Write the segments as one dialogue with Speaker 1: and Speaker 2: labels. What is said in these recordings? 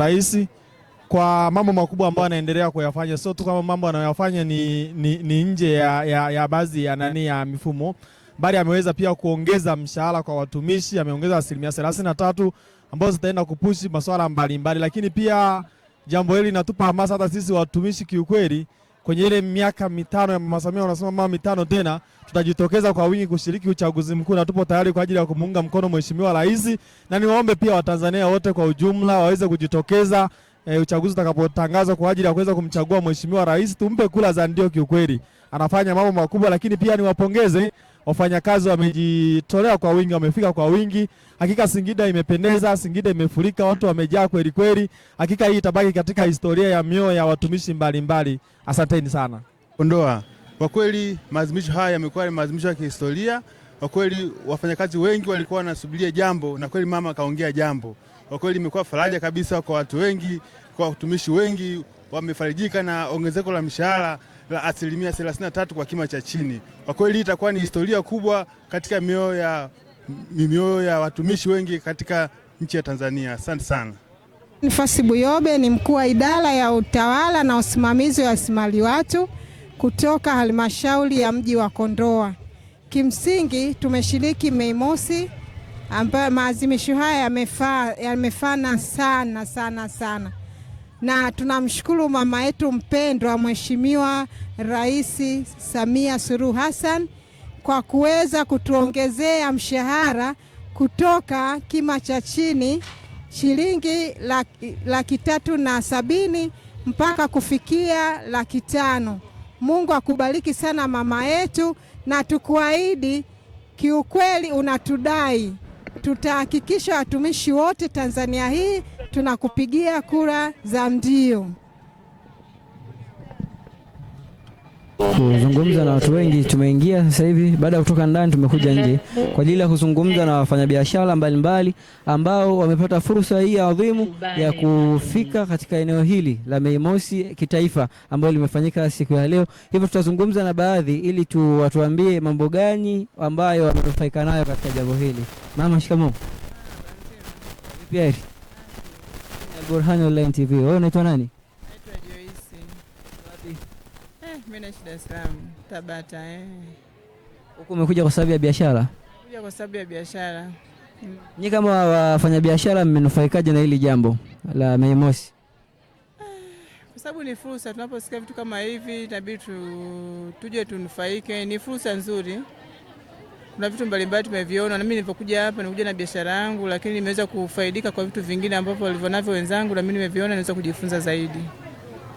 Speaker 1: Rais kwa mambo makubwa ambayo anaendelea kuyafanya, sio tu kama mambo anayoyafanya ni, ni, ni nje ya, ya, ya baadhi ya nani ya mifumo, bali ameweza pia kuongeza mshahara kwa watumishi, ameongeza asilimia thelathini na tatu ambazo zitaenda kupushi masuala mbalimbali, lakini pia jambo hili linatupa hamasa hata sisi watumishi kiukweli kwenye ile miaka mitano ya Mama Samia, wanasema mama mitano tena, tutajitokeza kwa wingi kushiriki uchaguzi mkuu na tupo tayari kwa ajili ya kumuunga mkono mheshimiwa rais, na niwaombe pia Watanzania wote kwa ujumla waweze kujitokeza E, uchaguzi utakapotangazwa kwa ajili ya kuweza kumchagua mheshimiwa rais, tumpe kula za ndio. Kiukweli anafanya mambo makubwa, lakini pia niwapongeze wafanyakazi wamejitolea kwa wingi, wamefika kwa wingi. Hakika Singida imependeza, Singida imefurika, watu wamejaa kweli kweli. Hakika hii itabaki katika historia ya mioyo ya watumishi mbalimbali Asanteni sana
Speaker 2: Kondoa. Kwa kweli maadhimisho haya yamekuwa ni maadhimisho ya kihistoria. Kwa kweli wafanyakazi wengi walikuwa wanasubiria jambo, na kweli mama akaongea jambo. Kwa kweli imekuwa faraja kabisa kwa watu wengi, kwa watumishi wengi wamefarijika na ongezeko la mishahara la asilimia 33 kwa kima cha chini. Kwa kweli hii itakuwa ni historia kubwa katika mioyo ya, mioyo ya watumishi wengi katika nchi ya Tanzania. Asante sana.
Speaker 3: Nifasi Buyobe ni mkuu wa idara ya utawala na usimamizi wa rasilimali watu kutoka halmashauri ya mji wa Kondoa. Kimsingi tumeshiriki Mei Mosi ambayo maazimisho haya yamefana sana sana sana na tunamshukuru mama yetu mpendwa Mheshimiwa Rais Samia Suluhu Hassan kwa kuweza kutuongezea mshahara kutoka kima cha chini shilingi laki, laki tatu na sabini mpaka kufikia laki tano. Mungu akubariki sana mama yetu, na tukuahidi kiukweli, unatudai tutahakikisha watumishi wote Tanzania hii tunakupigia kura za ndio.
Speaker 4: kuzungumza na watu wengi. Tumeingia sasa hivi baada ya kutoka ndani, tumekuja nje kwa ajili ya kuzungumza na wafanyabiashara mbalimbali ambao wamepata fursa hii adhimu ya kufika katika eneo hili la Mei Mosi kitaifa ambayo limefanyika siku ya leo. Hivyo tutazungumza na baadhi ili tu watuambie mambo gani ambayo wamenufaika nayo katika jambo hili. Mama, shikamoo. Burhan Online TV. Wewe unaitwa nani?
Speaker 5: mimi naishi Dar es Salaam Tabata. Eh,
Speaker 4: umekuja kwa sababu ya biashara?
Speaker 5: Kuja kwa sababu ya biashara.
Speaker 4: ni kama wafanyabiashara mmenufaikaje na hili jambo la Mei Mosi?
Speaker 5: Ah, kwa sababu ni fursa, tunaposikia vitu kama hivi inabidi tu, tuje tunufaike. Ni fursa nzuri, kuna vitu mbalimbali tumeviona, na mimi nilipokuja hapa nikuja na biashara yangu, lakini nimeweza kufaidika kwa vitu vingine ambavyo walivyonavyo wenzangu, na mimi nimeviona, naweza kujifunza zaidi.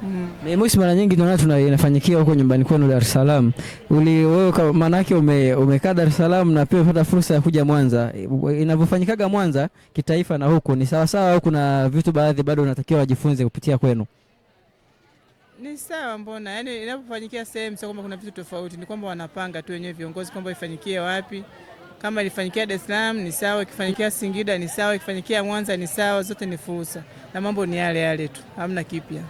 Speaker 4: Mm. Mosi, mara nyingi tunaona tuna inafanyikia huko nyumbani kwenu Dar es Salaam. Uli wewe maana yake ume, umekaa Dar es Salaam na pia umepata fursa ya kuja Mwanza. Inavyofanyikaga Mwanza kitaifa na huku ni sawa sawa, kuna vitu baadhi bado unatakiwa wajifunze kupitia kwenu.
Speaker 5: Ni sawa mbona? Yaani inapofanyikia sehemu sio kwamba kuna vitu tofauti, ni kwamba wanapanga tu wenyewe viongozi kwamba ifanyikie wapi. Kama ilifanyikia Dar es Salaam ni sawa, ikifanyikia Singida ni sawa, ikifanyikia Mwanza ni sawa, zote ni fursa. Na mambo ni yale yale tu. Hamna kipya.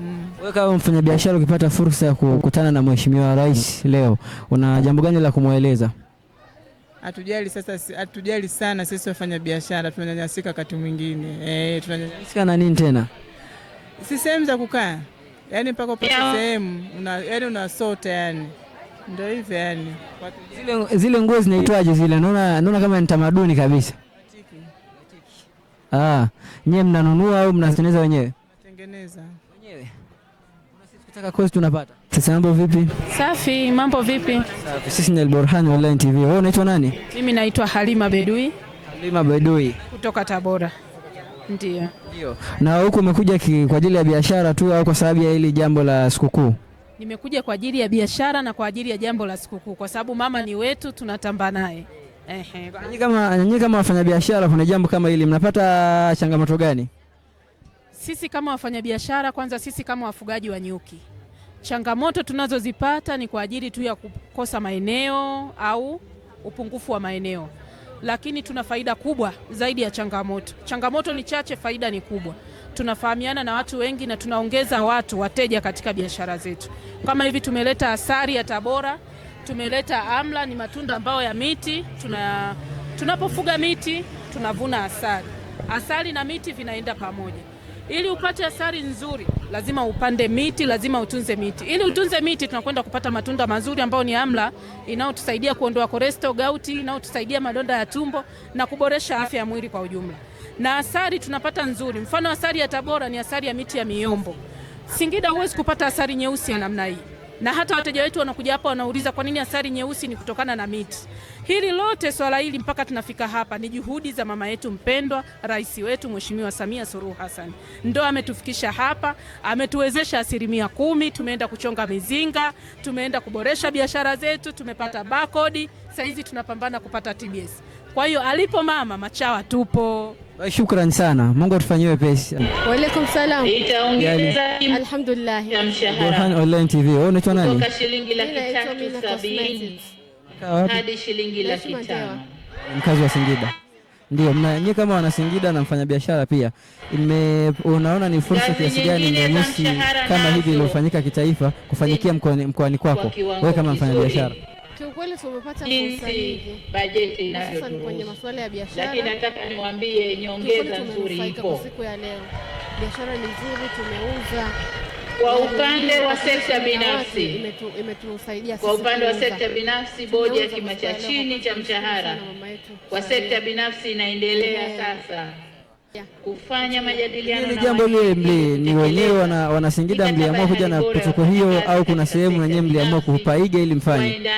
Speaker 4: Mm. Wewe kama mfanyabiashara ukipata fursa ya kukutana na Mheshimiwa Rais leo, una jambo gani la kumweleza?
Speaker 5: Hatujali sasa, hatujali sana sisi wafanyabiashara, tunanyanyasika wakati mwingine.
Speaker 4: Eh, tunanyanyasika na nini tena?
Speaker 5: Si sehemu za kukaa. Yaani mpaka upate sehemu, una yaani unasota yani. Ndio hivyo yani.
Speaker 4: Zile zile nguo zinaitwaje zile? Naona naona kama ni tamaduni kabisa. Ah, nyewe mnanunua au mnatengeneza wenyewe? Natengeneza. Nataka kwetu tunapata. Sasa mambo vipi?
Speaker 6: Safi, mambo vipi?
Speaker 4: Safi. Sisi ni Alburhan Online TV. Wewe unaitwa nani?
Speaker 6: Mimi naitwa Halima Bedui.
Speaker 4: Halima Bedui.
Speaker 6: Kutoka Tabora. Ndio.
Speaker 4: Ndio. Na huko umekuja kwa ajili ya biashara tu au kwa sababu ya hili jambo la sikukuu?
Speaker 6: Nimekuja kwa ajili ya biashara na kwa ajili ya jambo la sikukuu kwa sababu mama ni wetu tunatamba naye.
Speaker 4: Ehe. Nyinyi kama wafanyabiashara kuna jambo kama hili mnapata changamoto gani?
Speaker 6: Sisi kama wafanyabiashara, kwanza sisi kama wafugaji wa nyuki, changamoto tunazozipata ni kwa ajili tu ya kukosa maeneo au upungufu wa maeneo, lakini tuna faida kubwa zaidi ya changamoto. Changamoto ni chache, faida ni kubwa. Tunafahamiana na watu wengi na tunaongeza watu wateja katika biashara zetu. Kama hivi tumeleta asali ya Tabora, tumeleta amla, ni matunda ambayo ya miti. Tuna tunapofuga miti tunavuna asali, asali na miti vinaenda pamoja. Ili upate asali nzuri, lazima upande miti, lazima utunze miti. Ili utunze miti, tunakwenda kupata matunda mazuri ambayo ni amla inayotusaidia kuondoa koresto, gauti, inayotusaidia madonda ya tumbo na kuboresha afya ya mwili kwa ujumla. Na asali tunapata nzuri, mfano asali ya Tabora ni asali ya miti ya miombo. Singida huwezi kupata asali nyeusi ya namna hii na hata wateja wetu wanakuja hapa wanauliza kwa nini asali nyeusi ni kutokana na miti. Hili lote swala hili mpaka tunafika hapa ni juhudi za mama yetu mpendwa, rais wetu Mheshimiwa Samia Suluhu Hassan, ndo ametufikisha hapa, ametuwezesha asilimia kumi. Tumeenda kuchonga mizinga, tumeenda kuboresha biashara zetu, tumepata bakodi, saizi tunapambana kupata TBS. Kwa hiyo alipo mama Machawa tupo.
Speaker 4: Shukran sana. Mungu atufanyie wepesi.
Speaker 6: Wa alaikum salam.
Speaker 7: Itaongeza
Speaker 6: alhamdulillah.
Speaker 4: Burhan Online TV. Wewe unaitwa nani? Kutoka
Speaker 7: shilingi laki tatu sabini hadi shilingi laki tano.
Speaker 4: Mkazi wa Singida. Ndio, mna nyie kama wana Singida na mfanyabiashara pia. Ime unaona ni fursa kiasi gani nyeusi kama hivi iliyofanyika kitaifa kufanyikia mkoani kwako. Wewe kama mfanyabiashara
Speaker 7: Kiukweli tumepata fursa nyingi bajeti
Speaker 6: inavyoruhusu kwenye masuala
Speaker 7: ya biashara, lakini nataka niwaambie nyongeza nzuri
Speaker 6: ipo siku ya leo. Biashara ni nzuri, tumeuza
Speaker 7: kwa upande wa sekta binafsi, imetusaidia kwa upande wa sekta binafsi, bodi ya kima cha chini cha mshahara kwa sekta binafsi inaendelea eh. sasa kufanya majadiliano
Speaker 4: na jambo lile mli ni wenyewe wana, wana Singida mliamua kuja na protoko hiyo, au kuna sehemu wenyewe mliamua kupaiga ili mfanye?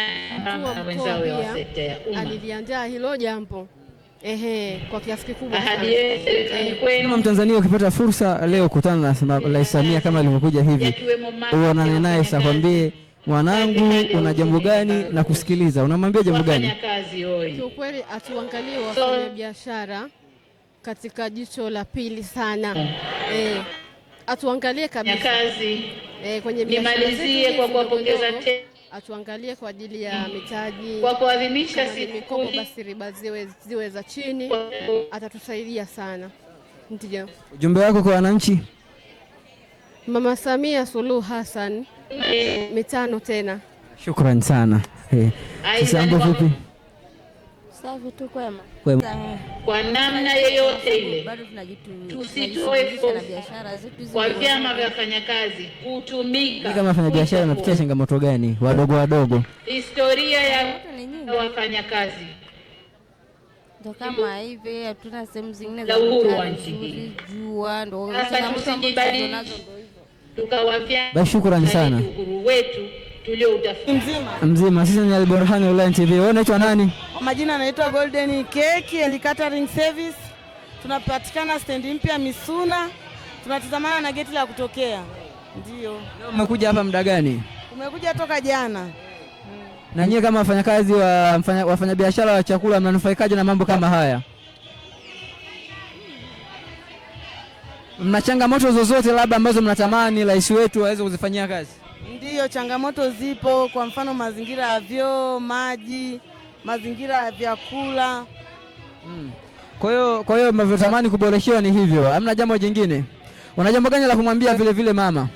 Speaker 6: Aliliandaa hilo jambo ehe, kwa kiasi kikubwa.
Speaker 4: Kama Mtanzania ukipata fursa leo kutana na Rais Samia kama alivyokuja hivi, uonane naye sasa, kwambie mwanangu, una jambo gani na kusikiliza, unamwambia jambo gani?
Speaker 6: Kiukweli atuangalie wafanyabiashara katika jicho la pili sana eh, atuangalie kabisa
Speaker 7: eh, kwenye nimalizie kwa kuwapongeza tena
Speaker 6: atuangalie kwa ajili ya mm. mitaji
Speaker 7: kwa kuadhimisha
Speaker 6: siku basi riba ziwe, ziwe za chini, atatusaidia sana. Ndio
Speaker 4: ujumbe wako kwa wananchi,
Speaker 6: Mama Samia Suluhu Hassan? Eh. Mitano tena,
Speaker 4: shukrani sana. Hey, eh. kisambo
Speaker 8: Safi tu kwema.
Speaker 7: Kwema. Eh. Kwa namna yeyote ile tusitoe kwa vyama vya wafanyakazi kutumika.
Speaker 4: Kama wafanyabiashara wanapitia changamoto gani wadogo wadogo?
Speaker 7: Historia ya wafanyakazi
Speaker 8: ndo kama hivi, hatuna sehemu zingine
Speaker 7: za uhuru wa nchi hii. Jua ndo tusijibadilishe tukawafia.
Speaker 4: shukrani sana.
Speaker 7: Uhuru wetu tulioutafuta
Speaker 4: mzima. Sisi ni Al Burhan Online TV. Wewe unaitwa nani?
Speaker 9: Majina anaitwa Golden Cake and Catering Service. Tunapatikana stendi mpya Misuna, tunatazamana na geti la kutokea. Ndio.
Speaker 4: Leo hapa muda gani?
Speaker 9: umekuja toka jana.
Speaker 4: Na nyie kama wafanyakazi wa wafanyabiashara wa chakula mnanufaikaje na mambo kama haya? Mna changamoto zozote labda ambazo mnatamani rais wetu aweze kuzifanyia kazi?
Speaker 9: Ndiyo, changamoto zipo, kwa mfano mazingira ya vyoo, maji mazingira ya vyakula
Speaker 4: mm. Kwa hiyo kwa hiyo mnavyotamani kuboreshiwa ni hivyo, hamna jambo jingine. Una jambo gani la kumwambia vile vile mama?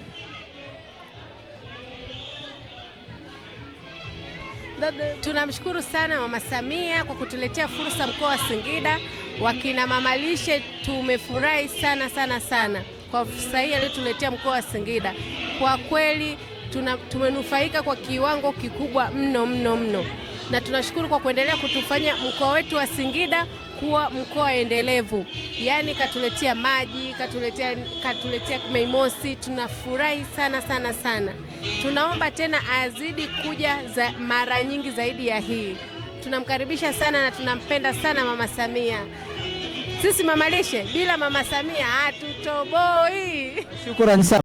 Speaker 10: Tunamshukuru sana Mama Samia kwa kutuletea fursa mkoa wa Singida. Wakina mama lishe tumefurahi sana sana sana kwa fursa hii aliyotuletea mkoa wa Singida. Kwa kweli tuna, tumenufaika kwa kiwango kikubwa mno mno mno na tunashukuru kwa kuendelea kutufanya mkoa wetu wa Singida kuwa mkoa endelevu. Yaani katuletea maji, katuletea, katuletea meimosi. Tunafurahi sana sana sana. Tunaomba tena azidi kuja za mara nyingi zaidi ya hii. Tunamkaribisha sana na tunampenda sana Mama Samia. Sisi mamalishe bila Mama Samia hatutoboi.
Speaker 4: Shukrani sana.